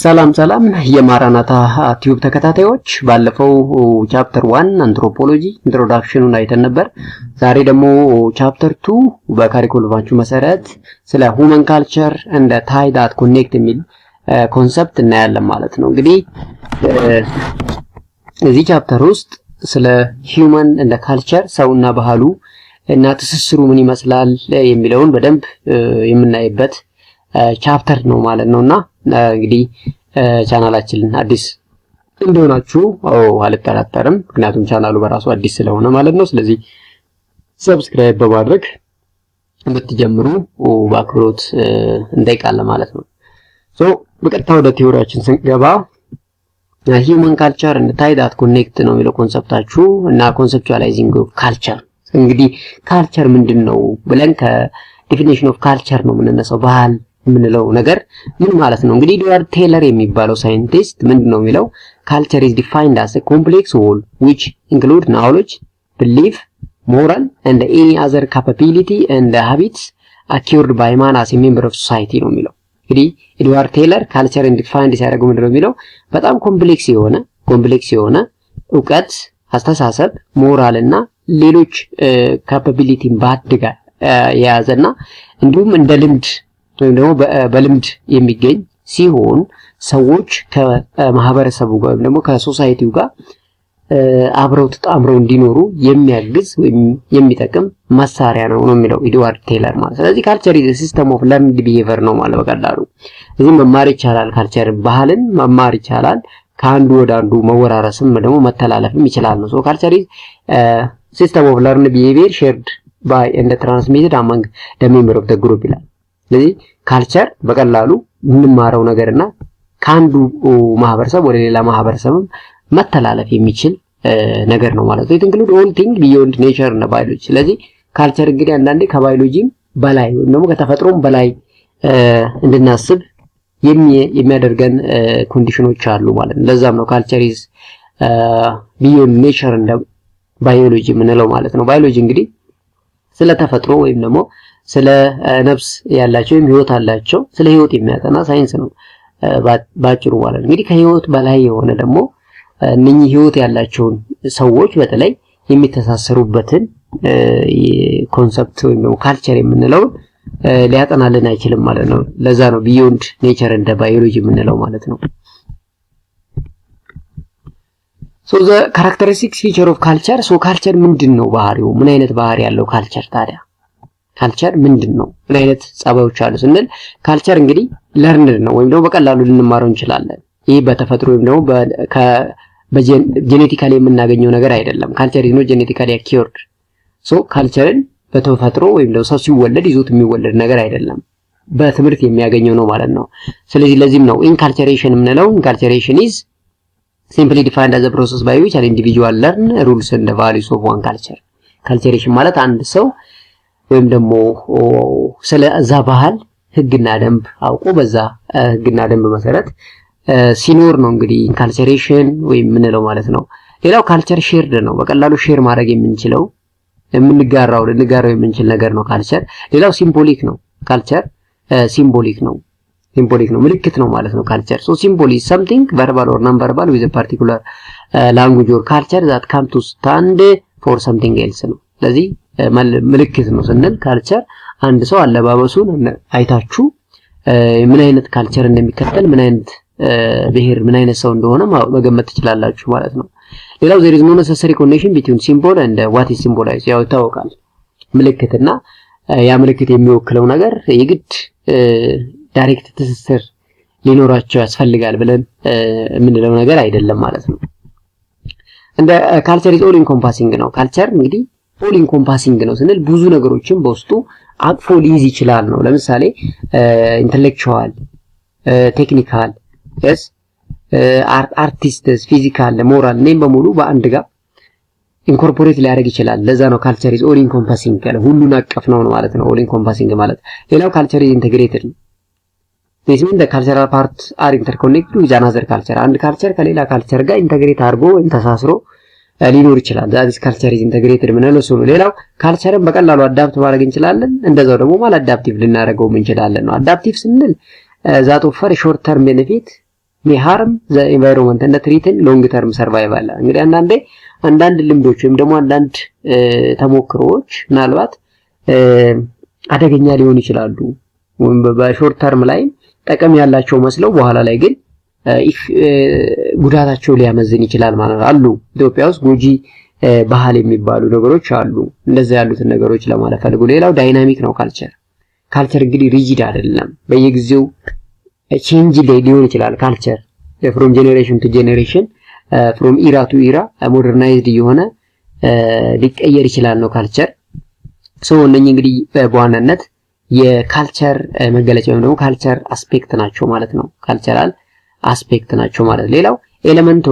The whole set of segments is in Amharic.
ሰላም ሰላም የማራናታ ቲዩብ ተከታታዮች፣ ባለፈው ቻፕተር ዋን አንትሮፖሎጂ ኢንትሮዳክሽኑን አይተን ነበር። ዛሬ ደግሞ ቻፕተር ቱ በካሪኩለማችሁ መሰረት ስለ ሁመን ካልቸር እንደ ታይ ዳት ኮኔክት የሚል ኮንሰፕት እናያለን ማለት ነው። እንግዲህ እዚህ ቻፕተር ውስጥ ስለ ሂውመን እንደ ካልቸር ሰውና ባህሉ እና ትስስሩ ምን ይመስላል የሚለውን በደንብ የምናይበት ቻፕተር ነው ማለት ነውና እንግዲህ ቻናላችንን አዲስ እንደሆናችሁ አልጠራጠርም። ምክንያቱም ቻናሉ በራሱ አዲስ ስለሆነ ማለት ነው። ስለዚህ ሰብስክራይብ በማድረግ እንድትጀምሩ በአክብሮት እንጠይቃለን ማለት ነው። ሶ በቀጥታ ወደ ቴዎሪያችን ስንገባ ሂውማን ካልቸር እና ታይዳት ኮኔክት ነው የሚለው ኮንሰፕታችሁ እና ኮንሰፕቹአላይዚንግ ኦፍ ካልቸር። እንግዲህ ካልቸር ምንድን ነው ብለን ከዲፊኒሽን ኦፍ ካልቸር ነው የምንነሳው ባህል የምንለው ነገር ምን ማለት ነው? እንግዲህ ኤድዋርድ ቴይለር የሚባለው ሳይንቲስት ምንድነው የሚለው ካልቸር ኢዝ ዲፋይንድ አስ ኮምፕሌክስ ሆል ዊች ኢንክሉድ ናውሎጅ ብሊፍ ሞራል ኤንድ ኤኒ አዘር ካፓቢሊቲ ኤንድ ሃቢትስ አኪውርድ ባይ ማን አስ ሜምበር ኦፍ ሶሳይቲ ነው የሚለው። እንግዲህ ኤድዋርድ ቴይለር ካልቸርን ዲፋይንድ ሲያደርገው ምንድነው የሚለው በጣም ኮምፕሌክስ የሆነ ኮምፕሌክስ የሆነ እውቀት፣ አስተሳሰብ፣ ሞራል እና ሌሎች ካፓቢሊቲን ባድጋ የያዘና እንዲሁም እንደ ልምድ ወይም ደግሞ በልምድ የሚገኝ ሲሆን ሰዎች ከማህበረሰቡ ጋር ወይም ደግሞ ከሶሳይቲው ጋር አብረው ተጣምረው እንዲኖሩ የሚያግዝ ወይም የሚጠቅም መሳሪያ ነው ነው የሚለው ኢድዋርድ ቴይለር ማለት። ስለዚህ ካልቸር ኢዝ ሲስተም ኦፍ ለርንድ ቢሄቨር ነው ማለት በቀላሉ እዚህ መማር ይቻላል። ካልቸር ባህልን መማር ይቻላል። ከአንዱ ወደ አንዱ መወራረስም ደግሞ መተላለፍም ይችላል ነው። ሶ ካልቸር ኢዝ ሲስተም ኦፍ ለርንድ ቢሄቪየር ሼርድ ባይ ኤንድ ትራንስሚትድ አማንግ ዘ ሜምበር ኦፍ ዘ ግሩፕ ይላል። ስለዚህ ካልቸር በቀላሉ የምንማረው ነገርና ከአንዱ ማህበረሰብ ወደ ሌላ ማህበረሰብ መተላለፍ የሚችል ነገር ነው ማለት ነው። ኢት ኢንክሉድ ኦል ቲንግ ቢዮንድ ኔቸር እና ባዮሎጂ። ስለዚህ ካልቸር እንግዲህ አንዳንዴ ከባዮሎጂም በላይ ወይም ደግሞ ከተፈጥሮም በላይ እንድናስብ የሚያደርገን ኮንዲሽኖች አሉ ማለት ነው። ለዛም ነው ካልቸር ኢዝ ቢዮንድ ኔቸር እንደ ባዮሎጂ የምንለው ማለት ነው። ባዮሎጂ እንግዲህ ስለ ተፈጥሮ ወይም ደግሞ ስለ ነፍስ ያላቸው ወይም ህይወት አላቸው ስለ ህይወት የሚያጠና ሳይንስ ነው ባጭሩ ማለት ነው። እንግዲህ ከህይወት በላይ የሆነ ደግሞ እነኚህ ህይወት ያላቸውን ሰዎች በተለይ የሚተሳሰሩበትን ኮንሰፕት ወይም ደግሞ ካልቸር የምንለውን ሊያጠናልን አይችልም ማለት ነው። ለዛ ነው ቢዮንድ ኔቸር እንደ ባዮሎጂ የምንለው ማለት ነው። ሶ ዘ ካራክተሪስቲክስ ፊቸር ኦፍ ካልቸር። ሶ ካልቸር ምንድን ነው ባህሪው? ምን አይነት ባህሪ ያለው ካልቸር ታዲያ ካልቸር ምንድን ነው? ምን አይነት ጸባዮች አሉ ስንል ካልቸር እንግዲህ ለርንድ ነው ወይም ደግሞ በቀላሉ ልንማረው እንችላለን። ይህ በተፈጥሮ ወይም ደግሞ በጄኔቲካሊ የምናገኘው ነገር አይደለም። ካልቸር ይዞ ጄኔቲካሊ አኪርድ ሶ ካልቸርን በተፈጥሮ ወይም ደግሞ ሰው ሲወለድ ይዞት የሚወለድ ነገር አይደለም፣ በትምህርት የሚያገኘው ነው ማለት ነው። ስለዚህ ለዚህም ነው ኢንካልቸሬሽን የምንለው። ኢንካልቸሬሽን ኢዝ ሲምፕሊ ዲፋይንድ አዘ ፕሮሰስ ባይ ዊች አን ኢንዲቪጁዋል ለርን ሩልስ ኤንድ ቫሊዩስ ኦፍ ዋን ካልቸር። ካልቸሬሽን ማለት አንድ ሰው ወይም ደግሞ ስለዛ ባህል ህግና ደንብ አውቆ በዛ ህግና ደንብ መሰረት ሲኖር ነው እንግዲህ ኢንካልቸሬሽን ወይም የምንለው ማለት ነው። ሌላው ካልቸር ሼርድ ነው። በቀላሉ ሼር ማድረግ የምንችለው የምንጋራው ልንጋራው የምንችል ነገር ነው ካልቸር። ሌላው ሲምቦሊክ ነው። ካልቸር ሲምቦሊክ ነው። ሲምቦሊክ ነው፣ ምልክት ነው ማለት ነው። ካልቸር ሶ ሲምቦል ኢዝ ሰምቲንግ ቨርባል ኦር ናን ቨርባል ዊዝ ፓርቲኩላር ላንጉጅ ኦር ካልቸር ዛት ካም ቱ ስታንድ ፎር ሰምቲንግ ኤልስ ነው። ስለዚህ ምልክት ነው ስንል ካልቸር አንድ ሰው አለባበሱን አይታችሁ ምን አይነት ካልቸር እንደሚከተል ምን አይነት ብሔር ምን አይነት ሰው እንደሆነ መገመት ትችላላችሁ ማለት ነው። ሌላው there is no necessary connection between symbol and what is ያው ይታወቃል። ምልክትና ያ ምልክት የሚወክለው ነገር የግድ ዳይሬክት ትስስር ሊኖራቸው ያስፈልጋል ብለን የምንለው ነገር አይደለም ማለት ነው። እንደ ካልቸር ኢዝ ኦል ኢንኮምፓሲንግ ነው። ካልቸር እንግዲህ ኦል ኢንኮምፓሲንግ ነው ስንል ብዙ ነገሮችን በውስጡ አቅፎ ሊይዝ ይችላል ነው። ለምሳሌ ኢንተሌክቹዋል፣ ቴክኒካል፣ ስ አርቲስትስ፣ ፊዚካል፣ ሞራል እኔም በሙሉ በአንድ ጋር ኢንኮርፖሬት ሊያደርግ ይችላል። ለዛ ነው ካልቸር ኢዝ ኦል ኢንኮምፓሲንግ ያለ ሁሉን አቀፍ ነው ማለት ነው። ኦል ኢንኮምፓሲንግ ማለት ሌላው ካልቸር ኢዝ ኢንተግሬትድ ነው። ዚስ ሚን ካልቸራል ፓርት አር ኢንተርኮኔክትድ ዊዝ አናዘር ካልቸር አንድ ካልቸር ከሌላ ካልቸር ጋር ኢንተግሬት አድርጎ ወይም ተሳስሮ ሊኖር ይችላል። ዛዚስ ካልቸር ኢዝ ኢንተግሬትድ ምን ነው ነው። ሌላው ካልቸርን በቀላሉ አዳፕት ማድረግ እንችላለን፣ እንደዛው ደግሞ ማል አዳፕቲቭ ልናደርገውም እንችላለን ነው። አዳፕቲቭ ስንል ዛት ኦፈር ሾርት ተርም ቤኔፊት ሜይ ሃርም ዘ ኢንቫይሮንመንት እንደ ትሪትን ሎንግ ተርም ሰርቫይቫል። እንግዲህ አንዳንዴ አንዳንድ ልምዶች ወይም ደግሞ አንዳንድ ተሞክሮዎች ምናልባት አደገኛ ሊሆን ይችላሉ ወይም በሾርት ተርም ላይ ጠቀም ያላቸው መስለው በኋላ ላይ ግን ይህ ጉዳታቸው ሊያመዝን ይችላል ማለት ነው። አሉ ኢትዮጵያ ውስጥ ጎጂ ባህል የሚባሉ ነገሮች አሉ። እንደዛ ያሉትን ነገሮች ለማለት ፈልጉ። ሌላው ዳይናሚክ ነው ካልቸር። ካልቸር እንግዲህ ሪጂድ አይደለም፣ በየጊዜው ቼንጅ ሊሆን ይችላል። ካልቸር ፍሮም ጄኔሬሽን ቱ ጄኔሬሽን ፍሮም ኢራ ቱ ኢራ ሞደርናይዝድ የሆነ ሊቀየር ይችላል ነው ካልቸር። ሶ እነኚህ እንግዲህ በዋናነት የካልቸር መገለጫ ወይም ደግሞ ካልቸር አስፔክት ናቸው ማለት ነው ካልቸራል አስፔክት ናቸው ማለት ነው። ሌላው ኤሌመንት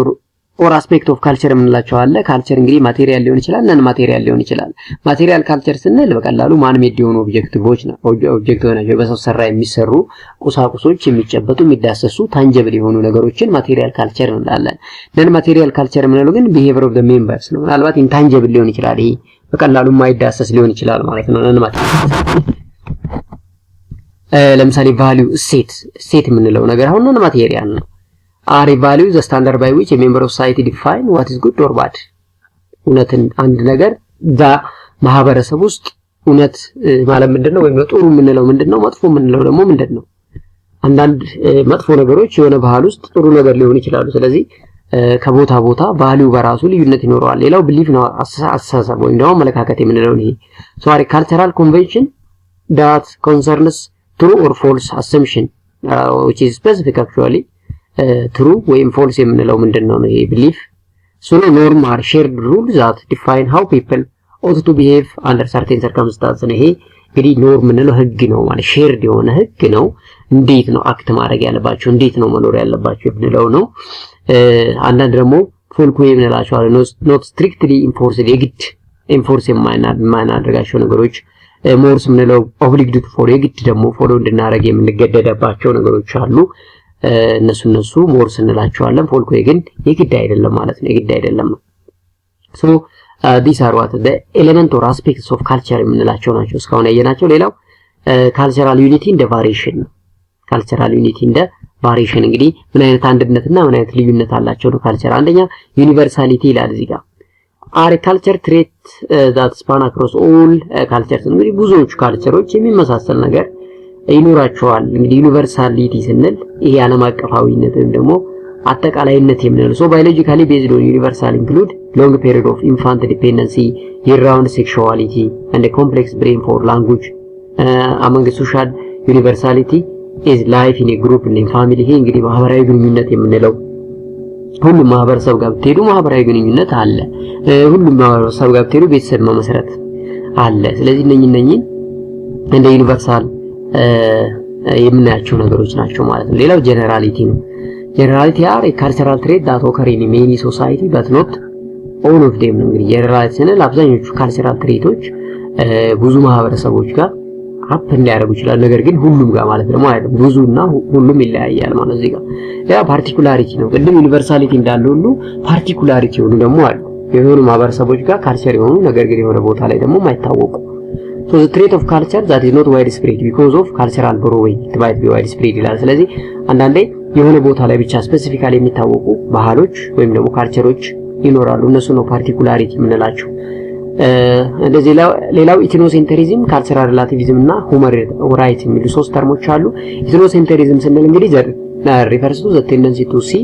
ኦር አስፔክት ኦፍ ካልቸር የምንላቸው አለ። ካልቸር እንግዲህ ማቴሪያል ሊሆን ይችላል፣ ነን ማቴሪያል ሊሆን ይችላል። ማቴሪያል ካልቸር ስንል በቀላሉ ማን ሜድ የሆኑ ኦብጀክቲቮች ኦብጀክቲቭ ናቸው። በሰው ሰራ የሚሰሩ ቁሳቁሶች፣ የሚጨበጡ የሚዳሰሱ ታንጀብል የሆኑ ነገሮችን ማቴሪያል ካልቸር እንላለን። ነን ማቴሪያል ካልቸር የምንለው ግን ቢሄቪየር ኦፍ ዘ ሜምበርስ ነው። ምናልባት ኢንታንጀብል ሊሆን ይችላል። ይሄ በቀላሉ ማይዳሰስ ሊሆን ይችላል ማለት ነው ነን ማቴሪያል ለምሳሌ ቫሊዩ እሴት እሴት የምንለው ነገር አሁን ኖን ማቴሪያል ነው። አሪ ቫሊዩ ዘ ስታንዳርድ ባይ ዊች ሜምበር ኦፍ ሶሳይቲ ዲፋይን ዋት ኢዝ ጉድ ኦር ባድ እውነትን አንድ ነገር በማህበረሰብ ውስጥ እውነት ማለት ምንድነው ወይም ጥሩ የምንለው ምንድነው፣ መጥፎ የምንለው ደግሞ ምንድነው? አንዳንድ መጥፎ ነገሮች የሆነ ባህል ውስጥ ጥሩ ነገር ሊሆን ይችላሉ። ስለዚህ ከቦታ ቦታ ባህሊው በራሱ ልዩነት ይኖረዋል። ሌላው ብሊፍ ነው አስተሳሰብ ወይም ደግሞ አመለካከት የምንለው ይሄ ሶሪ ካልቸራል ኮንቬንሽን ዳት ኮንሰርንስ ትሩ ኦር ፎልስ አሰምሽን which is specific actually ትሩ uh, ወይም ፎልስ የምንለው ምንድነው ነው ይሄ ቢሊፍ ሱኖ ኖርም አር ሼርድ ሩል ዛት ዲፋይን ሃው ፒፕል ኦት ቱ ቢሄቭ አንደር ሰርቴን ሰርከምስታንስ ነው ይሄ እንግዲህ ኖርም የምንለው ህግ ነው ማለት ሼርድ የሆነ ህግ ነው እንዴት ነው አክት ማድረግ ያለባቸው እንዴት ነው መኖር ያለባቸው የምንለው ነው uh, አንዳንድ ደግሞ ፎልኩ የምንላቸው ኖት ስትሪክትሊ ኢንፎርስድ የግድ ኢንፎርስ የማናደርጋቸው ነገሮች ሞርስ የምንለው ኦብሊግድ ቱ ፎሎ የግድ ደግሞ ፎሎ እንድናደርግ የምንገደደባቸው ነገሮች አሉ። እነሱ እነሱ ሞርስ እንላቸዋለን። ፎልኮ ግን የግድ አይደለም ማለት ነው። የግድ አይደለም ነው። ሶ ዲስ አር ዋት ዘ ኤሌመንት ኦር አስፔክትስ ኦፍ ካልቸር የምንላቸው ናቸው እስካሁን ያየናቸው። ሌላው ካልቸራል ዩኒቲ እንደ ቫሪዬሽን ነው። ካልቸራል ዩኒቲ እንደ ቫሪሽን እንግዲህ ምን አይነት አንድነትና ምን አይነት ልዩነት አላቸው ነው ካልቸር። አንደኛ ዩኒቨርሳሊቲ ይላል እዚህ ጋር አር ካልቸር ትሬት ዛት ስፓን አክሮስ ኦል ካልቸርስ እንግዲህ ብዙዎቹ ካልቸሮች የሚመሳሰል ነገር ይኖራቸዋል። እንግዲህ ዩኒቨርሳሊቲ ስንል ይሄ ዓለም አቀፋዊነት ወይም ደግሞ አጠቃላይነት የምንለው ሶ ባዮሎጂካሊ ቤዝድ ኦን ዩኒቨርሳል ኢንክሉድ ሎንግ ፔሪድ ኦፍ ኢንፋንት ዲፔንደንሲ የራውንድ ሴክሹዋሊቲ አንድ ኮምፕሌክስ ብሬን ፎር ላንጉጅ አመንግ ሶሻል ዩኒቨርሳሊቲ ኢዝ ላይፍ ኢን ኤ ግሩፕ ኢን ፋሚሊ ይሄ እንግዲህ ማህበራዊ ግንኙነት የምንለው ሁሉም ማህበረሰብ ጋር ብትሄዱ ማህበራዊ ግንኙነት አለ። ሁሉም ማህበረሰብ ጋር ብትሄዱ ቤተሰብ መመስረት አለ። ስለዚህ እነኚህ እነኚህ እንደ ዩኒቨርሳል የምናያቸው ነገሮች ናቸው ማለት ነው። ሌላው ጀነራሊቲ ነው። ጀነራሊቲ አር የካልቸራል ትሬድ ዳት ኦከር ኢን ሜኒ ሶሳይቲ በት ኖት ኦል ኦፍ ዴም ነው። እንግዲህ ጀነራሊቲ ስንል አብዛኞቹ ካልቸራል ትሬቶች ብዙ ማህበረሰቦች ጋር አፕ ሊያደርጉ ይችላል። ነገር ግን ሁሉም ጋር ማለት ደግሞ አይደለም፣ ብዙና ሁሉም ይለያያል ማለት እዚህ ጋር ያ ፓርቲኩላሪቲ ነው። ቅድም ዩኒቨርሳሊቲ እንዳለ ሁሉ ፓርቲኩላሪቲ የሆኑ ደግሞ አሉ። የሆኑ ማህበረሰቦች ጋር ካልቸር የሆኑ ነገር ግን የሆነ ቦታ ላይ ደግሞ ማይታወቁ so the trait of culture that is not wide spread because of cultural borrowing it might be wide spread ይላል። ስለዚህ አንዳንዴ የሆነ ቦታ ላይ ብቻ ስፔሲፊካሊ የሚታወቁ ባህሎች ወይም ደግሞ ካልቸሮች ይኖራሉ። እነሱ ነው ፓርቲኩላሪቲ የምንላቸው። ሌላው ኢትኖሴንተሪዝም፣ ካልቸራል ሪላቲቪዝም እና ሁመር ራይት የሚሉ ሶስት ተርሞች አሉ። ኢትኖሴንተሪዝም ስንል እንግዲህ ዘር ሪፈርስ ቱ ዘ ቴንደንሲ ቱ ሲ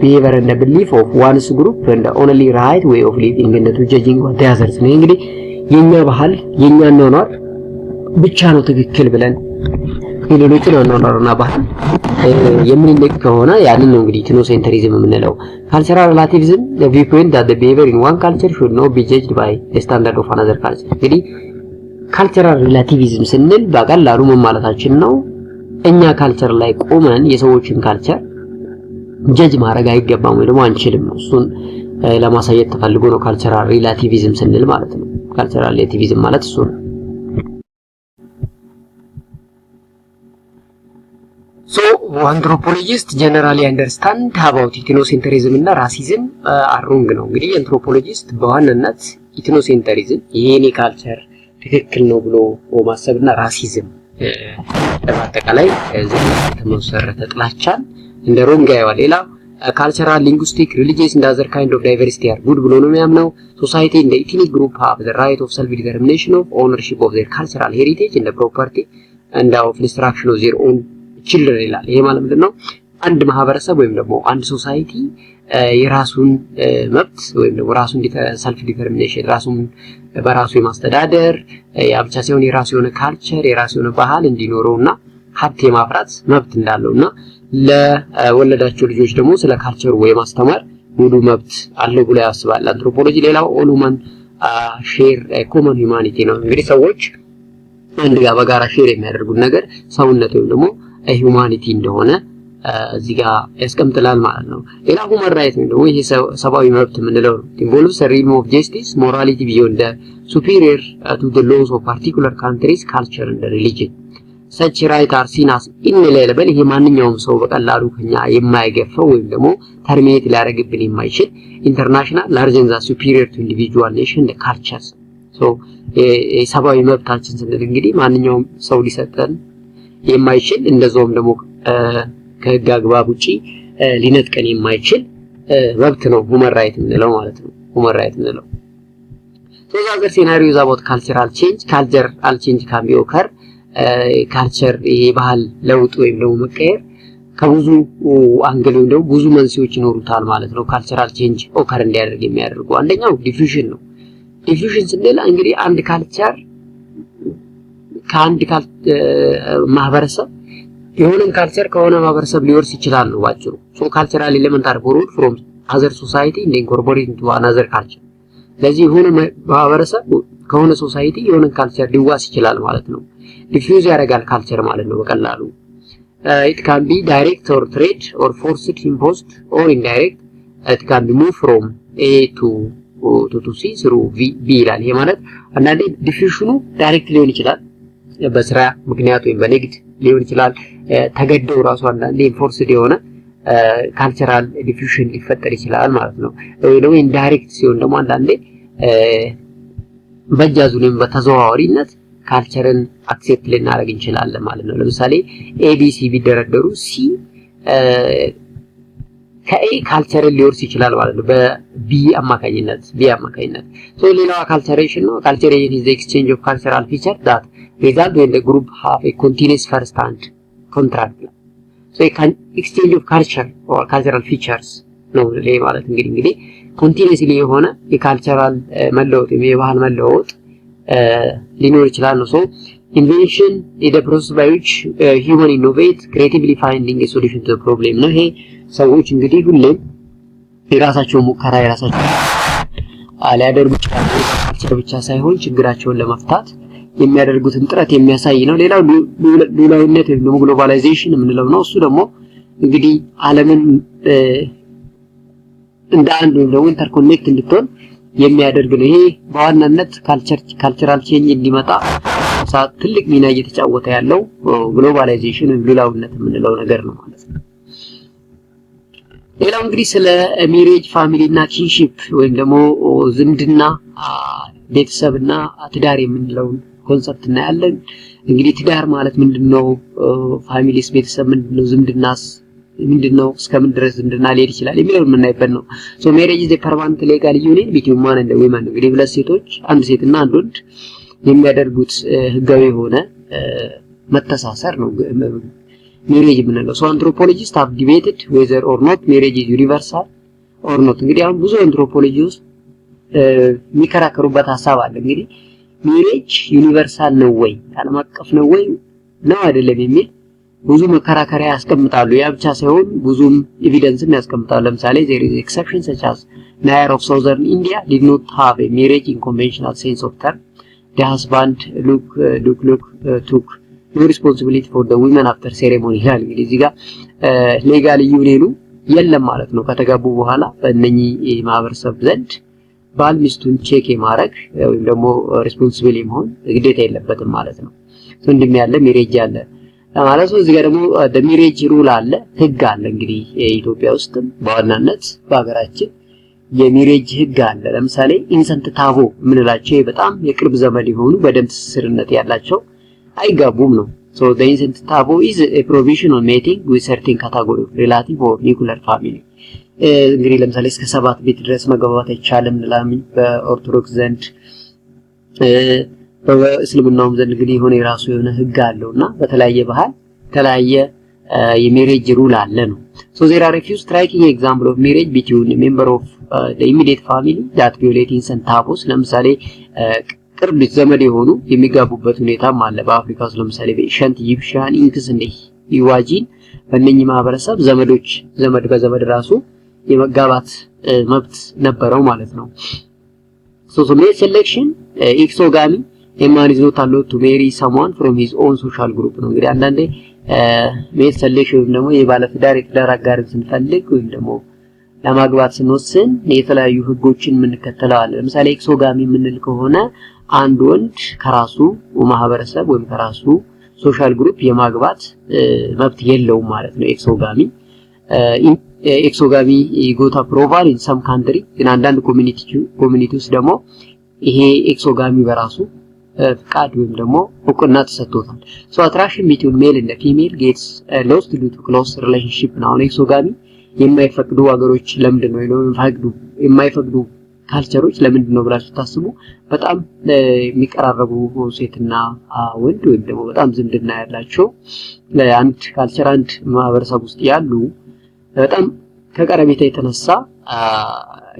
ቢሄቨር እንደ ቢሊፍ ኦፍ ዋንስ ግሩፕ እንደ ኦንሊ ራይት ዌይ ኦፍ ሊቪንግ እንደ ቱ ጀጂንግ ዋት ያዘርስ ነው። እንግዲህ የኛ ባህል የኛ ኗኗር ብቻ ነው ትክክል ብለን ነው አኗኗርና ባህል የምንልቅ ከሆነ ያንን ነው እንግዲህ ኢትኖሴንትሪዝም የምንለው። ካልቸራል ሪላቲቪዝም ቪፖይንት ዳት ቢሄቪየር ኢን ዋን ካልቸር ሹድ ኖ ቢ ጀጅድ ባይ ስታንዳርድ ኦፍ አናዘር ካልቸር። እንግዲህ ካልቸራል ሪላቲቪዝም ስንል በቀላሉ ምን ማለታችን ነው? እኛ ካልቸር ላይ ቆመን የሰዎችን ካልቸር ጀጅ ማድረግ አይገባም ወይ ደግሞ አንችልም እሱን ለማሳየት ተፈልጎ ነው ካልቸራል ሪላቲቪዝም ስንል ማለት ነው። ካልቸራል ሪላቲቪዝም ማለት እሱ ነው። ሶ አንትሮፖሎጂስት ጀነራሊ አንደርስታንድ ሀባውት ኢትኖሴንተሪዝም እና ራሲዝም አሩንግ ነው። እንግዲህ አንትሮፖሎጂስት በዋናነት ኢትኖሴንተሪዝም የኔ ካልቸር ትክክል ነው ብሎ ማሰብና ራሲዝም uh, በአጠቃላይ uh, የተመሰረተ ጥላቻን እንደ ሮንግ ያየዋል። ሌላ ካልቸራል ሊንጉስቲክ ሪሊጂየስ እንደ አዘር ካይንድ ኦፍ ዳይቨርሲቲ አር ጉድ ብሎ ነው የሚያምነው። ሶሳይቲ እንደ ኢትኒክ ግሩፕ ሀብ ዘ ራይት ኦፍ ሰልፍ ዲተርሚኔሽን ኦፍ ኦውነርሺፕ ኦፍ ዜር ካልቸራል ሄሪቴጅ እንደ ፕሮፐርቲ እንደ ኦፍ ኢንስትራክሽን ኦፍ ዜር ኦውን ችልር ይላል። ይሄ ማለት ምንድን ነው? አንድ ማህበረሰብ ወይም ደግሞ አንድ ሶሳይቲ የራሱን መብት ወይም ደግሞ ራሱን ሰልፍ ዲተርሚኔሽን ራሱን በራሱ የማስተዳደር ያ ብቻ ሲሆን የራሱ የሆነ ካልቸር የራሱ የሆነ ባህል እንዲኖረው እና ሀብት የማፍራት መብት እንዳለው እና ለወለዳቸው ልጆች ደግሞ ስለ ካልቸሩ የማስተማር ሙሉ መብት አለው ብሎ ያስባል አንትሮፖሎጂ። ሌላው ኦል ሼር ኮመን ነው። እንግዲህ ሰዎች አንድ ጋር በጋራ ሼር የሚያደርጉት ነገር ሰውነት ወይም ደግሞ ሁማኒቲ እንደሆነ እዚህ ጋር ያስቀምጥላል ማለት ነው። ሌላ ሁመን ራይት ወይም ደግሞ ይሄ ሰብአዊ መብት የምንለው ነው። ኢንቮልቭስ ሪልም ኦፍ ጀስቲስ ሞራሊቲ ቢዮንድ ሱፒሪየር ቱ ዘ ሎዝ ኦፍ ፓርቲኩላር ካንትሪስ ካልቸር እንደ ሪሊጅን ሰች ራይት አር ሲናስ ኢንሌለበል ይሄ ማንኛውም ሰው በቀላሉ ከኛ የማይገፈው ወይም ደግሞ ተርሚኔት ሊያደርግብን የማይችል ኢንተርናሽናል ላርጀንዛ ሱፒሪየር ቱ ኢንዲቪጁዋል ኔሽን ካልቸርስ ሰብአዊ መብታችን ስንል እንግዲህ ማንኛውም ሰው ሊሰጠን የማይችል እንደዛውም ደግሞ ከህግ አግባብ ውጪ ሊነጥቀን የማይችል መብት ነው ሁመን ራይት የምንለው ማለት ነው። ሁመን ራይት የምንለው ሶዝ አዘር ሴናሪዮ ካልቸራል ቼንጅ ካልቸር አልቼንጅ ካን ቢ ኦከር ካልቸር የባህል ለውጥ ወይም ደግሞ መቀየር ከብዙ አንግል ወይም ደግሞ ብዙ መንስኤዎች ይኖሩታል ማለት ነው። ካልቸራል ቼንጅ ኦከር እንዲያደርግ የሚያደርጉ አንደኛው ዲፊዥን ነው። ዲፊዥን ስንል እንግዲህ አንድ ካልቸር ከአንድ ማህበረሰብ የሆነን ካልቸር ከሆነ ማህበረሰብ ሊወርስ ይችላል ነው ባጭሩ። ሶ ካልቸራል ኤሌመንት አር ቦሮድ ፍሮም አዘር ሶሳይቲ እንደ ኢንኮርፖሬት ኢንቱ አናዘር ካልቸር። ለዚህ የሆነ ማህበረሰብ ከሆነ ሶሳይቲ የሆነን ካልቸር ሊዋስ ይችላል ማለት ነው። ዲፊውዝ ያደርጋል ካልቸር ማለት ነው በቀላሉ ኢት ካን ቢ ዳይሬክት ኦር ትሬድ ኦር ፎርስድ ኢምፖስት ኦር ኢንዳይሬክት ኢት ካን ቢ ሙቭ ፍሮም ኤ ቱ ቱ ሲ ስሩ ቢ ይላል። ይሄ ማለት አንዳንዴ ዲፊውሽኑ ዳይሬክት ሊሆን ይችላል በስራ ምክንያት ወይም በንግድ ሊሆን ይችላል ተገደው ራሱ አንዳንዴ ኢንፎርስድ የሆነ ካልቸራል ዲፊውሽን ሊፈጠር ይችላል ማለት ነው። ወይ ደግሞ ኢንዳይሬክት ሲሆን ደግሞ አንዳንዴ በእጅ ወይም በተዘዋዋሪነት ካልቸርን አክሴፕት ልናደርግ እንችላለን ማለት ነው። ለምሳሌ ኤቢሲ ቢደረደሩ ሲ ከኤ ካልቸርን ሊወርስ ይችላል ማለት ነው በቢ አማካኝነት ቢ አማካኝነት ሶ ሌላዋ ካልቸሬሽን ነው ካልቸሬሽን ኢዝ ኤክስቼንጅ ኦፍ ካልቸራል ፊቸር ዳት ሪዛልት ወይም ግሩፕ ሃፍ ኤ ኮንቲኒስ ፈርስት ሃንድ ኮንትራክት ነው ሶ ኤክስቼንጅ ኦፍ ካልቸር ኦር ካልቸራል ፊቸርስ ነው ይሄ ማለት እንግዲህ እንግዲህ ኮንቲኒስሊ የሆነ የካልቸራል መለወጥ ወይም የባህል መለወጥ ሊኖር ይችላል ነው ሶ ኢንቬንሽን ኢዝ ዘ ፕሮሰስ ባይ ዊች ሂውማን ኢኖቬት ክሬቲቭሊ ፋይንዲንግ ሶሉሽን ቱ ፕሮብሌም ነው ይሄ ሰዎች እንግዲህ ሁሌም የራሳቸውን ሙከራ የራሳቸው ሊያደርጉ ይችላሉ። ብቻ ሳይሆን ችግራቸውን ለመፍታት የሚያደርጉትን ጥረት የሚያሳይ ነው። ሌላው ሉላዊነት ወይም ደግሞ ግሎባላይዜሽን የምንለው ነው። እሱ ደግሞ እንግዲህ ዓለምን እንደ አንድ ወይም ደግሞ ኢንተርኮኔክት እንድትሆን የሚያደርግ ነው። ይሄ በዋናነት ካልቸራል ቼንጅ እንዲመጣ ሰዓት ትልቅ ሚና እየተጫወተ ያለው ግሎባላይዜሽን ወይም ሉላዊነት የምንለው ነገር ነው ማለት ነው። ሌላው እንግዲህ ስለ ሜሬጅ ፋሚሊ እና ኪንሺፕ ወይም ደግሞ ዝምድና ቤተሰብና ትዳር የምንለውን ኮንሰፕት እናያለን። እንግዲህ ትዳር ማለት ምንድን ነው? ፋሚሊስ ቤተሰብ ምንድን ነው? ዝምድናስ ምንድን ነው? እስከምን ድረስ ዝምድና ሊሄድ ይችላል የሚለውን የምናይበት ነው። ሶ ሜሬጅ ኢዝ ፐርማነንት ሌጋል ዩኒየን ቢትዊን ማን ኤንድ ዊመን እንግዲህ ሁለት ሴቶች አንድ ሴትና አንድ ወንድ የሚያደርጉት ህጋዊ የሆነ መተሳሰር ነው። ሜሬጅ የምንለው ሰው አንትሮፖሎጂስት ሃቭ ዲቤትድ ዌዘር ኦር ኖት ሜሬጅ ኢዝ ዩኒቨርሳል ኦር ኖት። እንግዲህ አሁን ብዙ አንትሮፖሎጂ ውስጥ የሚከራከሩበት ሀሳብ አለ። እንግዲህ ሜሬጅ ዩኒቨርሳል ነው ወይ ዓለም አቀፍ ነው ወይ ነው አይደለም የሚል ብዙ መከራከሪያ ያስቀምጣሉ። ያ ብቻ ሳይሆን ብዙም ኤቪደንስም ያስቀምጣሉ። ለምሳሌ ዜር ኢዝ ኤክሰፕሽን ሰች አስ ናየር ኦፍ ሶዘርን ኢንዲያ ዲድ ኖት ሃቭ ሜሬጅ ኢን ኮንቬንሽናል ሴንስ ኦፍ ተርም ደ ሃዝባንድ ሉክ ዱክ ሉክ ቱክ ሪስፖንሲቢሊቲ ፎር ደ ዊመን አፍተር ሴሬሞኒ ይላል። እንግዲህ እዚህ ጋር ሌጋል ዩኒየኑ የለም ማለት ነው። ከተጋቡ በኋላ በእነኚህ ማህበረሰብ ዘንድ ባል ሚስቱን ቼክ የማድረግ ወይም ደግሞ ሪስፖንሲብል የመሆን ግዴታ የለበትም ማለት ነው። ወንድም ያለ ሚሬጅ ያለ ማለት ነው። እዚህ ጋር ደግሞ ሚሬጅ ሩል አለ፣ ህግ አለ። እንግዲህ ኢትዮጵያ ውስጥም በዋናነት በሀገራችን የሚሬጅ ህግ አለ። ለምሳሌ ኢንሰንት ታቦ የምንላቸው በጣም የቅርብ ዘመድ የሆኑ በደም ትስስርነት ያላቸው አይጋቡም ነው። So the incent taboo is a provision on mating with certain category of relative or nuclear family. እንግዲህ ለምሳሌ እስከ ሰባት ቤት ድረስ መግባባት አይቻልም እንላለን በኦርቶዶክስ ዘንድ። በእስልምናውም ዘንድ እንግዲህ የሆነ የራሱ የሆነ ህግ አለው እና በተለያየ ባህል የተለያየ የሜሬጅ ሩል አለ ነው። So there are a few striking example of marriage between a member of uh, the immediate family that violate incent taboos ለምሳሌ ቅርብ ዘመድ የሆኑ የሚጋቡበት ሁኔታም አለ። በአፍሪካ ውስጥ ለምሳሌ በኢሸንት ይብሻን ኢንክስ እንደ ይዋጂን በእነኚህ ማህበረሰብ ዘመዶች ዘመድ በዘመድ ራሱ የመጋባት መብት ነበረው ማለት ነው። ሶ ሜል ሴሌክሽን ኤክሶጋሚ ኤማን ኢዝ ኖት አሎት ቱ ሜሪ ሰምዋን ፍሮም ሂዝ ኦን ሶሻል ግሩፕ ነው። እንግዲህ አንዳንዴ ሜል ሴሌክሽን ወይም ደግሞ የባለትዳር የትዳር አጋርን ስንፈልግ ወይም ደግሞ ለማግባት ስንወስን የተለያዩ ህጎችን የምንከተለው አለ። ለምሳሌ ኤክሶጋሚ የምንል ከሆነ አንድ ወንድ ከራሱ ማህበረሰብ ወይም ከራሱ ሶሻል ግሩፕ የማግባት መብት የለውም ማለት ነው። ኤክሶጋሚ ኤክሶጋሚ ጎታ ፕሮቫል ኢን ሰም ካንትሪ፣ ግን አንዳንድ ኮሚኒቲ ኮሚኒቲ ውስጥ ደግሞ ይሄ ኤክሶጋሚ በራሱ ፍቃድ ወይም ደግሞ እውቅና ተሰጥቶታል። ሶ አትራክሽን ቢትዊን ሜል እና ፊሜል ጌትስ ሎስት ዱ ቱ ክሎዝ ሪሌሽንሺፕ ነው። ኤክሶጋሚ የማይፈቅዱ ሀገሮች ለምንድን ነው የማይፈቅዱ ካልቸሮች ለምንድን ነው ብላችሁ ታስቡ፣ በጣም የሚቀራረቡ ሴትና ወንድ ወይም ደግሞ በጣም ዝምድና ያላቸው አንድ ካልቸር አንድ ማህበረሰብ ውስጥ ያሉ በጣም ከቀረቤታ የተነሳ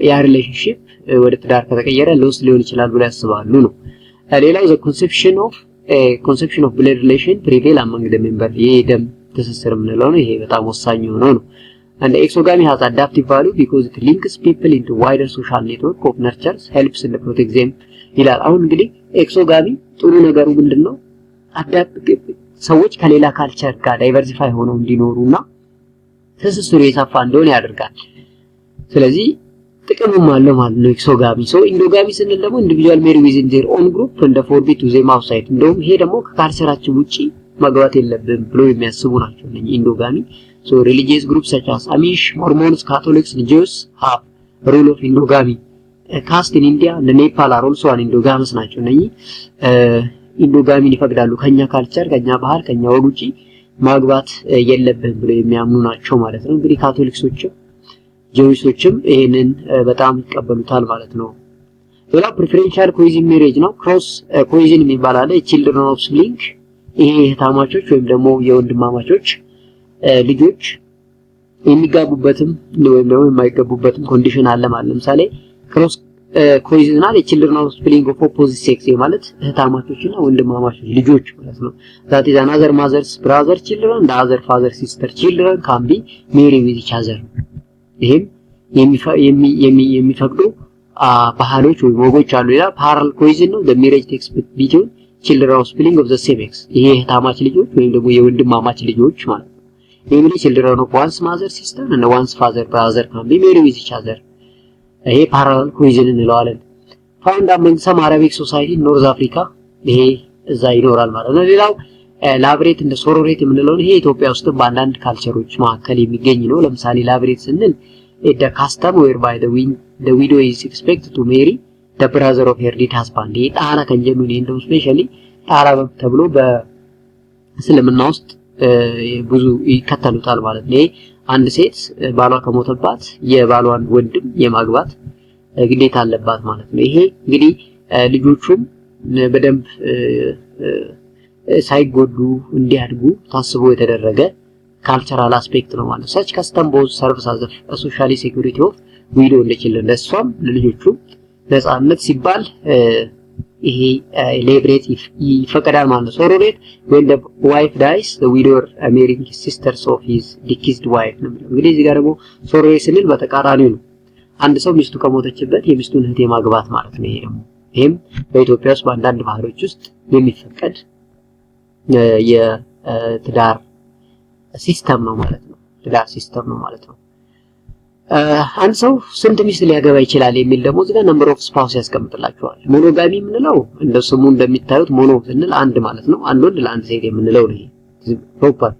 ያ ሪሌሽንሽፕ ወደ ትዳር ከተቀየረ ሎስ ሊሆን ይችላል ብሎ ያስባሉ ነው። ሌላው ዘ ኮንሴፕሽን ኦፍ ኮንሴፕሽን ኦፍ ብለድ ሪሌሽን ፕሪቬል አመንግ ዘ ሜምበር ይሄ ደም ትስስር የምንለው ነው። ይሄ በጣም ወሳኝ የሆነው ነው። And exogamy has adaptive value because it links people into wider social network of nurtures, helps the protect them ይላል። አሁን እንግዲህ ኤክሶጋሚ ጥሩ ነገሩ ምንድነው? ሰዎች ከሌላ ካልቸር ጋር ዳይቨርሲፋይ ሆነው እንዲኖሩና ትስስሩ የሰፋ እንደሆነ ያደርጋል። ስለዚህ ጥቅምም አለው ማለት ነው ኤክሶጋሚ። ሶ ኢንዶጋሚ ስንል ደግሞ ኢንዲቪጁዋል ሜሪ ዊዝን ዜር ኦን ግሩፕ እንደ ፎርቢት ቱ ዜም እንደውም ይሄ ደግሞ ከካልቸራችን ውጪ መግባት የለብም ብሎ የሚያስቡ ናቸው እነዚህ ኢንዶጋሚ So religious groups such as Amish, Mormons, Catholics, Jews have rule of endogamy. Uh, caste in India and Nepal are also an endogamous ናቸው እነኚህ ኢንዶጋሚን ይፈቅዳሉ። ከኛ ካልቸር፣ ከኛ ባህል፣ ከኛ ወግ ውጪ ማግባት የለብህም ብለው የሚያምኑ ናቸው ማለት ነው። እንግዲህ ካቶሊክሶችም ጀዊሶችም ይሄንን በጣም ይቀበሉታል ማለት ነው። ሌላው ፕሪፈሬንሻል ኮይዝን ሜሬጅ ነው። ክሮስ ኮይዝን የሚባል አለ። ቺልድረን ኦፍ ስብሊንግ ይሄ የእህታማቾች ወይም ደግሞ የወንድማማቾች ልጆች የሚጋቡበትም ወይም ደግሞ የማይገቡበትም ኮንዲሽን አለ ማለት ለምሳሌ ክሮስ ኮይዝናል የችልድረን ኦፍ ስፕሊንግ ኦፍ ኦፖዚት ሴክስ ማለት እና ወንድማማቾች ልጆች ማለት ነው። ዛት ኢዝ አናዘር ማዘርስ ብራዘር ችልድረን እንደ አዘር ፋዘር ሲስተር ችልድረን ካምቢ ሜሪ ዊዝ ኢች አዘር። ይሄም የሚፈቅዱ ባህሎች ወይም ወጎች አሉ። ይላል። ፓራል ኮይዝን ነው ዘ ሜሬጅ ቴክስ ቢትዊን ችልድረን ኦፍ ስፕሊንግ ኦፍ ዘ ሴም ሴክስ። ይሄ እህታማች ልጆች ወይም ደግሞ የወንድማማች ልጆች ማለት ነው። ሌምሊ ችልድረን ኦፍ ዋንስ ማዘር ሲስተም እና ዋንስ ፋዘር ብራዘር ካን ቢ ሜሪ ዊዝ ኢች አዘር። ይሄ ፓራላል ኩዊዝን እንለዋለን። ፋውንድ አመንግ ሰም አረቢክ ሶሳይቲ ኖርዝ አፍሪካ ይሄ እዛ ይኖራል ማለት ነው። ሌላው ላብሬት እንደ ሶሮሬት የምንለውን ይሄ ኢትዮጵያ ውስጥ በአንዳንድ ካልቸሮች መካከል የሚገኝ ነው። ለምሳሌ ላብሬት ስንል ደ ካስተም ዌር ባይ ዘ ዊን ዘ ዊዶ ኢዝ ኤክስፔክት ቱ ሜሪ ዘ ብራዘር ኦፍ ሄር ዲድ ሃዝባንድ። ይሄ ጣላ ከንጀኑ ነው እንደው ስፔሻሊ ጣራ ተብሎ በእስልምና ውስጥ ብዙ ይከተሉታል ማለት ነው። አንድ ሴት ባሏ ከሞተባት የባሏን ወንድም የማግባት ግዴታ አለባት ማለት ነው። ይሄ እንግዲህ ልጆቹም በደንብ ሳይጎዱ እንዲያድጉ ታስቦ የተደረገ ካልቸራል አስፔክት ነው ማለት ነው። ሰች ከስተም ቦዝ ሰርቪስ አዘፍ ሶሻሊ ሴኩሪቲ ኦፍ ዊዶ እንደችልን ለእሷም ለልጆቹ ነፃነት ሲባል ይሄ ሌብሬት ይፈቀዳል ማለት ነው። ሶሮሬት ሩሌት ዋይፍ ዳይስ ዘ ዊዶር ሜሪንግ ሲስተርስ ኦፍ ሂዝ ዲኪስድ ዋይፍ ነው። እንግዲህ እዚህ ጋር ደግሞ ሶሮሬት ስንል በተቃራኒው ነው። አንድ ሰው ሚስቱ ከሞተችበት የሚስቱን እህት የማግባት ማለት ነው። ይሄ ደግሞ ይህም በኢትዮጵያ ውስጥ በአንዳንድ ባህሎች ውስጥ የሚፈቀድ የትዳር ሲስተም ነው ማለት ነው። ትዳር ሲስተም ነው ማለት ነው። አንድ ሰው ስንት ሚስት ሊያገባ ይችላል የሚል ደግሞ እዚህ ጋር ነምበር ኦፍ ስፓውስ ያስቀምጥላችኋል። ሞኖጋሚ የምንለው እንደ ስሙ እንደሚታዩት ሞኖ ስንል አንድ ማለት ነው። አንድ ወንድ ለአንድ ሴት የምንለው ነው። ፕሮፐር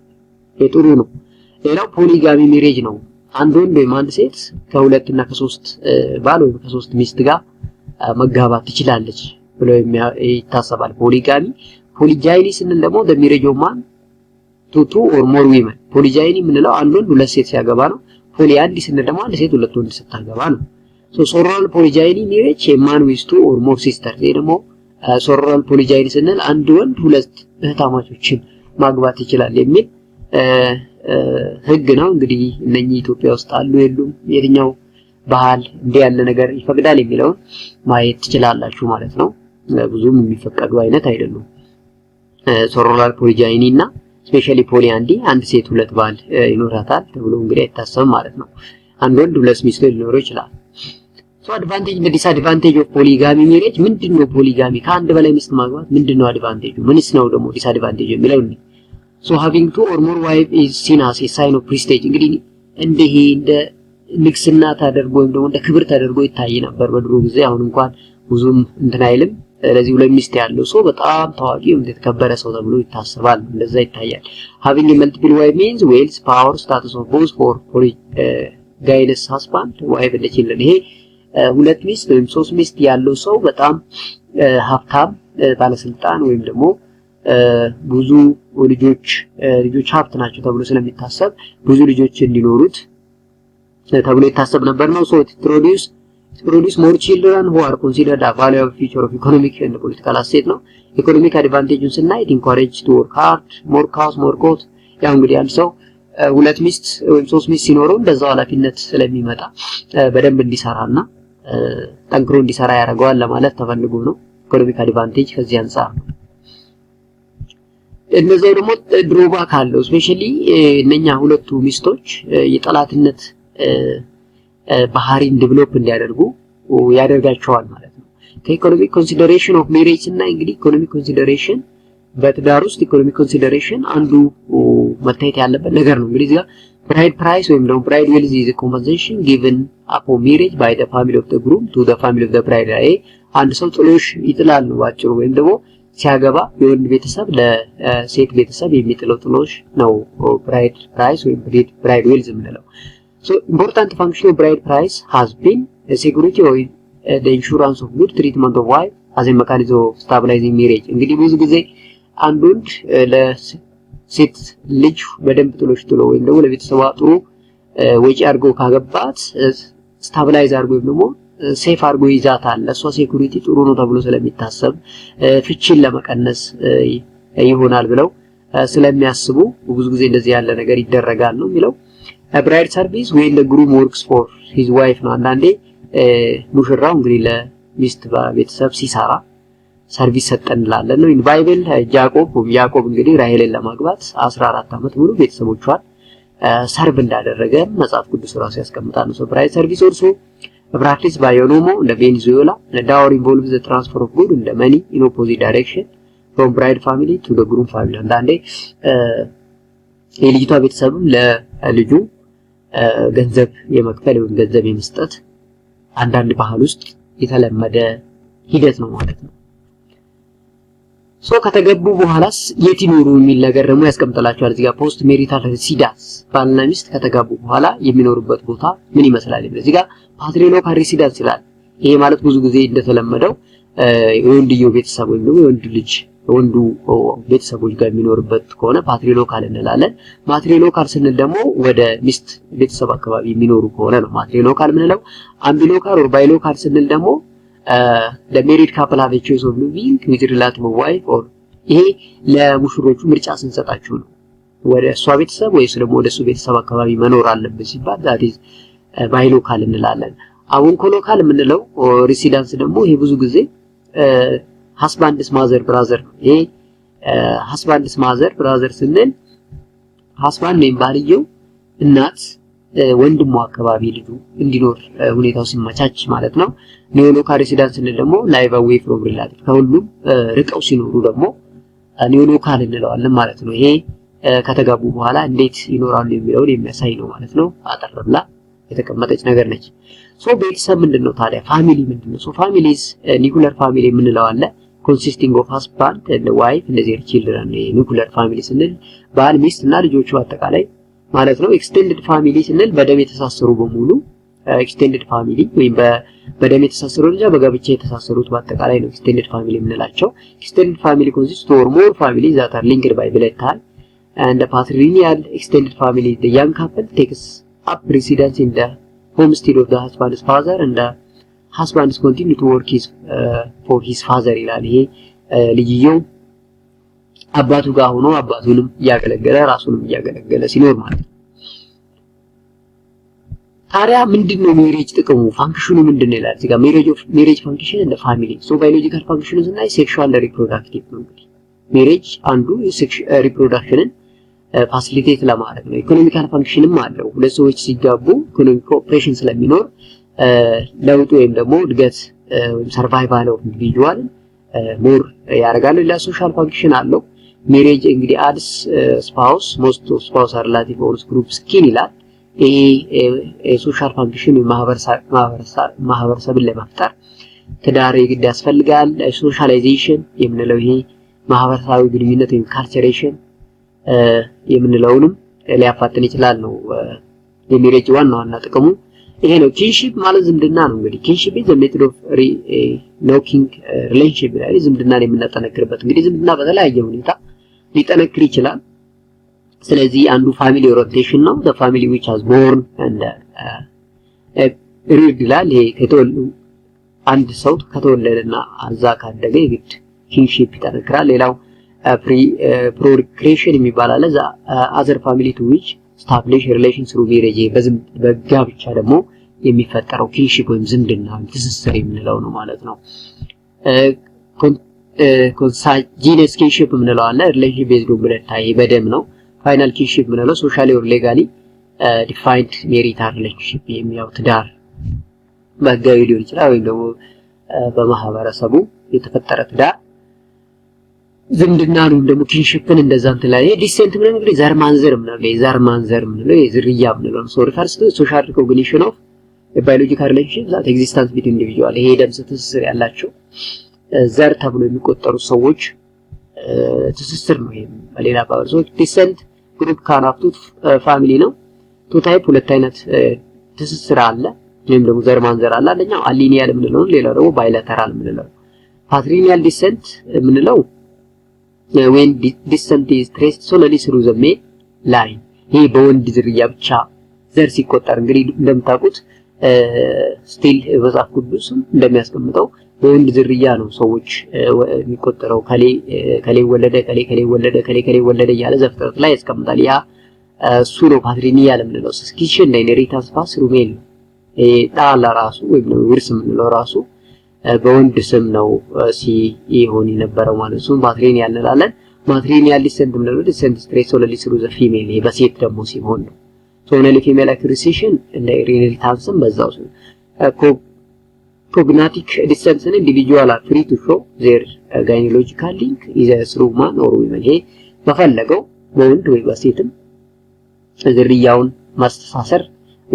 የጥሩ ነው። ሌላው ፖሊጋሚ ሜሬጅ ነው። አንድ ወንድ ወይም አንድ ሴት ከሁለት እና ከሶስት ባል ወይም ከሶስት ሚስት ጋር መጋባት ትችላለች ብሎ ይታሰባል። ፖሊጋሚ ፖሊጃይኒ ስንል ደግሞ ሜሬጅ ኦፍ ማን ቱ ቱ ኦር ሞር ዊመን ፖሊጃይኒ የምንለው አንድ ወንድ ሁለት ሴት ሲያገባ ነው። ፖሊ አንድ ስንል ደግሞ አንድ ሴት ሁለት ወንድ ስታገባ ነው። ሶ ሶራል ፖሊጃይኒ ሜሬጅ የማን ዊስቱ ኦር ሞር ሲስተር። ይሄ ደግሞ ሶራል ፖሊጃይኒ ስንል አንድ ወንድ ሁለት እህታማቾችን ማግባት ይችላል የሚል ህግ ነው። እንግዲህ እነኚህ ኢትዮጵያ ውስጥ አሉ የሉም፣ የትኛው ባህል እንዲህ ያለ ነገር ይፈቅዳል የሚለውን ማየት ትችላላችሁ ማለት ነው። ብዙም የሚፈቀዱ አይነት አይደሉም ሶራል ፖሊጃይኒ እና ስፔሻሊ ፖሊ አንዲ አንድ ሴት ሁለት ባል ይኖራታል ተብሎ እንግዲህ አይታሰብም ማለት ነው። አንድ ወንድ ሁለት ሚስቶች ሊኖረው ይችላል። ሶ አድቫንቴጅ እና ዲስአድቫንቴጅ ኦፍ ፖሊጋሚ ሜሬጅ ምንድነው? ፖሊጋሚ ከአንድ በላይ ሚስት ማግባት ምንድነው? አድቫንቴጁ ምንስ ነው ደግሞ ዲስአድቫንቴጁ የሚለው እንዴ? ሶ ሃቪንግ ቱ ኦር ሞር ዋይፍ ኢዝ ሲን አስ ኤ ሳይን ኦፍ ፕሪስቴጅ። እንግዲህ እንደ እንደ ንግስና ተደርጎ ወይም ደግሞ እንደ ክብር ተደርጎ ይታይ ነበር በድሮ ጊዜ። አሁን እንኳን ብዙም እንትን አይልም ለዚሁ ብሎ ያለው ሰው በጣም ታዋቂ ወይም የተከበረ ሰው ተብሎ ይታሰባል። እንደዛ ይታያል። ሃቪንግ መልቲፕል ዋይ ሚንስ ዌልስ ፓወር ስታተስ ኦፍ ቦዝ ፎር ፎር ጋይደንስ ሃስባንድ ዋይፍ እንደ ችልን ይሄ uh, ሁለት ሚስት ወይም ሶስት ሚስት ያለው ሰው በጣም uh, ሀብታም uh, ባለስልጣን ወይም ደግሞ ብዙ ልጆች ልጆች ሀብት ናቸው ተብሎ ስለሚታሰብ ብዙ ልጆች እንዲኖሩት ተብሎ ይታሰብ ነበር ነው ሶ ኢት to produce more children who are considered a valuable feature of economic and political asset ነው። ኢኮኖሚክ አድቫንቴጁን ስናይ ኢንኮሬጅ ቱ ወርክ ሃርድ ሞር ካውስ ሞር ኮት። ያው እንግዲህ አንድ ሰው ሁለት ሚስት ወይም ሶስት ሚስት ሲኖረው በዛው ኃላፊነት ስለሚመጣ በደንብ እንዲሰራና ጠንክሮ እንዲሰራ ያደርገዋል ለማለት ተፈልጎ ነው። ኢኮኖሚክ አድቫንቴጅ ከዚህ አንጻር ነው። እንደዛው ደግሞ ድሮባክ አለው። ስፔሻሊ እነኛ ሁለቱ ሚስቶች የጠላትነት ባህሪን ዲቨሎፕ እንዲያደርጉ ያደርጋቸዋል ማለት ነው። ከኢኮኖሚክ ኮንሲደሬሽን ኦፍ ሜሬጅ እና እንግዲህ ኢኮኖሚ ኮንሲደሬሽን በትዳር ውስጥ ኢኮኖሚክ ኮንሲደሬሽን አንዱ መታየት ያለበት ነገር ነው። እንግዲህ እዚያ ብራይድ ፕራይስ ወይም ደግሞ ብራይድ ዌልዝ ኢዝ ኮምፐንሴሽን ጊቭን አፖን ሜሬጅ ባይ ዘ ፋሚሊ ኦፍ ዘ ግሩም ቱ ዘ ፋሚሊ ኦፍ ዘ ብራይድ። ይሄ አንድ ሰው ጥሎሽ ይጥላል ነው ባጭሩ። ወይም ደግሞ ሲያገባ የወንድ ቤተሰብ ለሴት ቤተሰብ የሚጥለው ጥሎሽ ነው ብራይድ ፕራይስ ወይም ብራይድ ዌልዝ የምንለው። So important function of bride price has been the security or uh, the insurance of good treatment of wife as a mechanism of stabilizing marriage። እንግዲህ ብዙ ጊዜ አንድ ወንድ uh, ለሴት ልጅ በደንብ ጥሎሽ ጥሎ ወይም ደግሞ ለቤተሰቧ ጥሩ uh, ወጪ አድርጎ ካገባት ስታብላይዝ አድርጎ ወይም ደግሞ ሴፍ አድርጎ ይዛታል። ለእሷ ሴኩሪቲ ጥሩ ነው ተብሎ ስለሚታሰብ ፍቺን ለመቀነስ ይሆናል ብለው ስለሚያስቡ ብዙ ጊዜ እንደዚህ ያለ ነገር ይደረጋል ነው የሚለው ብራይድ ሰርቪስ ወይ ለግሩም ወርክስ ፎር ሂዝ ዋይፍ ነው። አንዳንዴ ሙሽራው እንግዲህ ለሚስት ቤተሰብ ሲሰራ ሰርቪስ ሰጠን እንላለን ነው። ባይብል ያዕቆብ ያዕቆብ እንግዲህ ራሔልን ለማግባት 14 ዓመት ሙሉ ቤተሰቦቿን ሰርቭ እንዳደረገ መጽሐፍ ቅዱስ ራሱ ያስቀምጣል። ነው ብራይድ ሰርቪስ ኦልሶ ፕራክቲስ ባይ እንደ ቬኔዙዌላ ዳወር ኢንቮልቭ ዘ ትራንስፈር ኦፍ ጉድ እንደ መኒ ኢን ኦፖዚት ዳይሬክሽን ፍሮም ብራይድ ፋሚሊ ቱ ዘ ግሩም ፋሚሊ አንዳንዴ የልጅቷ ቤተሰብም ለልጁ ገንዘብ የመክፈል ወይም ገንዘብ የመስጠት አንዳንድ ባህል ውስጥ የተለመደ ሂደት ነው ማለት ነው። ሶ ከተገቡ በኋላስ የት ይኖሩ የሚል ነገር ደግሞ ያስቀምጥላቸዋል። እዚህ ጋር ፖስት ሜሪታል ሬሲዳንስ ባልና ሚስት ከተጋቡ በኋላ የሚኖሩበት ቦታ ምን ይመስላል? እዚህ ጋር ፓትሪሎካል ሬሲዳንስ ይላል። ይሄ ማለት ብዙ ጊዜ እንደተለመደው የወንድየው ቤተሰብ ወይም ደግሞ የወንድ ልጅ ወንዱ ቤተሰቦች ጋር የሚኖርበት ከሆነ ፓትሪሎካል እንላለን። ማትሪሎካል ስንል ደግሞ ወደ ሚስት ቤተሰብ አካባቢ የሚኖሩ ከሆነ ነው ማትሪሎካል ምንለው። አምቢሎካል ኦር ባይሎካል ስንል ደግሞ ለሜሪድ ካፕል ሀቭ ቾይስ ኦፍ ሊቪንግ ዊዝ ሪላቲቭ ዋይፍ ኦር ይሄ ለሙሽሮቹ ምርጫ ስንሰጣቸው ነው። ወደ እሷ ቤተሰብ ወይስ ደግሞ ወደ እሱ ቤተሰብ አካባቢ መኖር አለበት ሲባል ዛት ኢዝ ባይሎካል እንላለን። አቡንኮሎካል የምንለው ሪሲዳንስ ደግሞ ይሄ ብዙ ጊዜ ሀስባንድስ ማዘር ብራዘር ነው። ይሄ ሀስባንድስ ማዘር ብራዘር ስንል ሀስባንድ ወይም ባልየው እናት eh, ወንድሙ አካባቢ ልጁ እንዲኖር eh, ሁኔታው ሲመቻች ማለት ነው። ኒዮሎካል ስንል ደግሞ ላይቭ አዌይ ፍሮም ሪላቲቭ ከሁሉም eh, ርቀው ሲኖሩ ደግሞ ኒዮሎካል እንለዋለን ማለት ነው። ይሄ ከተጋቡ በኋላ እንዴት ይኖራሉ የሚለውን የሚያሳይ ነው ማለት ነው። አጠር ብላ የተቀመጠች ነገር ነች። ሶ ቤተሰብ ምንድን ነው ታዲያ? ፋሚሊ ምንድን ነው? ሶ ፋሚሊስ ኒኩለር ፋሚሊ የምንለው አለ። ኮንሲስቲንግ ኦፍ ሀስባንድ ዋይፍ እንደዚህ ቺልድረን ኒኩለር ፋሚሊ ስንል ባል ሚስት እና ልጆቹ አጠቃላይ ማለት ነው። ኤክስቴንድድ ፋሚሊ ስንል በደም የተሳሰሩ በሙሉ ኤክስቴንድድ ፋሚሊ ወይም በደም የተሳሰሩ ደረጃ በጋብቻ የተሳሰሩት በአጠቃላይ ነው ኤክስቴንድድ ፋሚሊ የምንላቸው። ኤክስቴንድድ ፋሚሊ ኮንሲስት ኦር ሞር ፋሚሊ ዛት አር ሊንክድ ባይ ብለድ ታይ and the patrilineal extended family the young couple takes up residence in the homestead of the husband's father ሀስባንድ ኮንቲኒ ቱ ወርክ ፎር ሂዝ ፋዘር ይላል። ይሄ ልጅየው አባቱ ጋር ሆኖ አባቱንም እያገለገለ ራሱንም እያገለገለ ሲኖር ማለት ነው። ታዲያ ምንድን ነው ሜሬጅ ጥቅሙ ፋንክሽኑ ምንድን ነው ይላል። እዚህ ሜሬጅ ኦፍ ሜሬጅ ፋንክሽን እንደ ፋሚሊ ሶ ባዮሎጂካል ፋንክሽኑ ስናይ ሴክሹዋል ሪፕሮዳክቲቭ ነው። እንግዲህ ሜሬጅ አንዱ ሪፕሮዳክሽንን ፋሲሊቴት ለማድረግ ነው። ኢኮኖሚካል ፋንክሽንም አለው። ሁለት ሰዎች ሲጋቡ ኢኮኖሚ ኦፕሬሽን ስለሚኖር ለውጡ ወይም ደግሞ እድገት ወይም ሰርቫይቫል ኦፍ ኢንዲቪጁዋል ሞር ያደርጋል። ሌላ ሶሻል ፋንክሽን አለው። ሜሬጅ እንግዲህ አድስ ስፓውስ ሞስት ኦፍ ስፓውስ አር ሪላቲቭ ኦር ግሩፕ ስኪን ይላል። ይሄ የሶሻል ፋንክሽን ማህበረሰብን ለመፍጠር ትዳር የግድ ያስፈልጋል። ሶሻላይዜሽን የምንለው ይሄ ማህበረሰባዊ ግንኙነት ወይም ካልቸሬሽን የምንለውንም ሊያፋጥን ይችላል ነው የሜሬጅ ዋና ዋና ጥቅሙ። ይሄ ነው ኪንሺፕ ማለት ዝምድና ነው። እንግዲህ ኪንሺፕ ኢዝ ሜትድ ኦፍ ኖኪንግ ሪሌሽንሺፕ ላይ ዝምድናን የምናጠነክርበት እንግዲህ ዝምድና በተለያየ ሁኔታ ሊጠነክር ይችላል። ስለዚህ አንዱ ፋሚሊ ሮቴሽን ነው። ዘ ፋሚሊ ዊች ሃዝ ቦርን አንድ ሪድ ይላል። ይሄ ከተወለደ አንድ ሰው ከተወለደና አዛ ካደገ የግድ ኪንሺፕ ይጠነክራል። ሌላው ፕሪ eh, ፕሮክሬሽን eh, የሚባል አለ። ዘ አዘር ፋሚሊ ቱ ዊች ስታብሊሽ ሪሌሽን ስሩ ሜሬጅ በዝም በጋብቻ ደግሞ የሚፈጠረው ኪንሺፕ ወይም ዝምድና ትስስር የምንለው ነው ማለት ነው። ኮንሳጂነስ ኪንሺፕ የምንለው አለ። ሪሌሽን ቤዝድ ብለታ በደም ነው። ፋይናል ኪንሺፕ የምንለው ሶሻሊ ኦር ሌጋሊ ዲፋይንድ ሜሪታል ሪሌሽንሺፕ የሚያው ትዳር በህጋዊ ሊሆን ይችላል ወይም ደግሞ በማህበረሰቡ የተፈጠረ ትዳር ዝምድና ነው ደግሞ ኪንሽፕን እንደዛ እንትን ላይ ዲሴንት ምንም እንግዲህ ዘር ማንዘር ምናምን ላይ ዘር ማንዘር ምንለው የዝርያ ምንለው ሰው ሪፈርስ ቱ ሶሻል ሪኮግኒሽን ኦፍ ባዮሎጂካል ሪሌሽንሺፕ ዛት ኤግዚስተንስ ቢት ኢንዲቪጁዋል ይሄ ደም ስር ትስስር ያላቸው ዘር ተብሎ የሚቆጠሩ ሰዎች ትስስር ነው። ይሄም በሌላ አባባል ሰዎች ዲሴንት ግሩፕ ካናፍቱ ፋሚሊ ነው። ቱ ታይፕ ሁለት አይነት ትስስር አለ ወይም ደግሞ ዘር ማንዘር አለ። አንደኛው አሊኒያል ምንለው ሌላው ደግሞ ባይላተራል ምንለው ፓትሪኒያል ዲሴንት ምንለው ወይም ዲሰንት ስትሬስ ትሬስድ ሶለሊ ስሩ ዘሜ ላይን ይሄ በወንድ ዝርያ ብቻ ዘር ሲቆጠር እንግዲህ እንደምታውቁት ስቲል መጽሐፍ ቅዱስም እንደሚያስቀምጠው በወንድ ዝርያ ነው ሰዎች የሚቆጠረው። ከሌ ከሌ ወለደ ከሌ ከሌ ወለደ ከሌ ከሌ ወለደ እያለ ዘፍጥረት ላይ ያስቀምጣል። ያ እሱ ነው ፓትሪኒያ ለምንለው ስኪሽን ላይ ኢንሄሪታንስ ፓስ ሩሜል ነው ጣላ ራሱ ወይም ውርስ የምንለው ራሱ በወንድ ስም ነው ሲ ይሆን የነበረው ማለት ነው። ማትሪኒያል እንላለን። ማትሪኒያል ሊሰንድ ምንለው ሊሰንድ ስትሬስ ኦለ ሊስሩ ዘ ፊሜል ይሄ በሴት ደግሞ ሲሆን ነው። ሶነሊ ፊሜል አክሪሲሽን እንደ ሬኔል ታምስም በዛው ነው። ኮግናቲክ ነው። ኢንዲቪጁዋል አር ፍሪ ቱ ሾ ዜር ጋይኒሎጂካል ሊንክ ኢዘ ስሩ ማን ኦር ዊመን ይሄ በፈለገው በወንድ ወይ በሴትም ዝርያውን ማስተሳሰር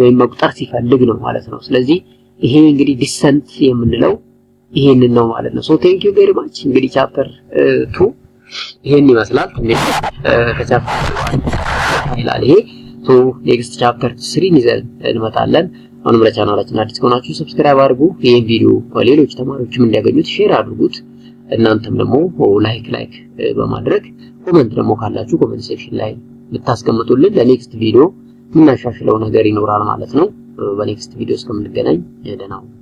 ወይም መቁጠር ሲፈልግ ነው ማለት ነው። ስለዚህ ይሄ እንግዲህ ዲሰንት የምንለው ይሄንን ነው ማለት ነው። ሶ ቴንክ ዩ ቬሪ ማች እንግዲህ ቻፕተር 2 uh, ይሄን ይመስላል። ትንሽ uh, ከቻፕተር ይላል ይሄ ሶ ኔክስት ቻፕተር 3 ይዘን እንመጣለን። አሁንም ለቻናላችን አዲስ ከሆናችሁ ሰብስክራይብ አድርጉ። ይሄን ቪዲዮ ለሌሎች ተማሪዎችም እንዲያገኙት ሼር አድርጉት። እናንተም ደግሞ ላይክ ላይክ uh, በማድረግ ኮመንት ደግሞ ካላችሁ ኮመንት ሴክሽን ላይ ብታስቀምጡልን ለኔክስት ቪዲዮ የምናሻሽለው ነገር ይኖራል ማለት ነው። በኔክስት ቪዲዮ እስከምንገናኝ ደህና ሁኑ።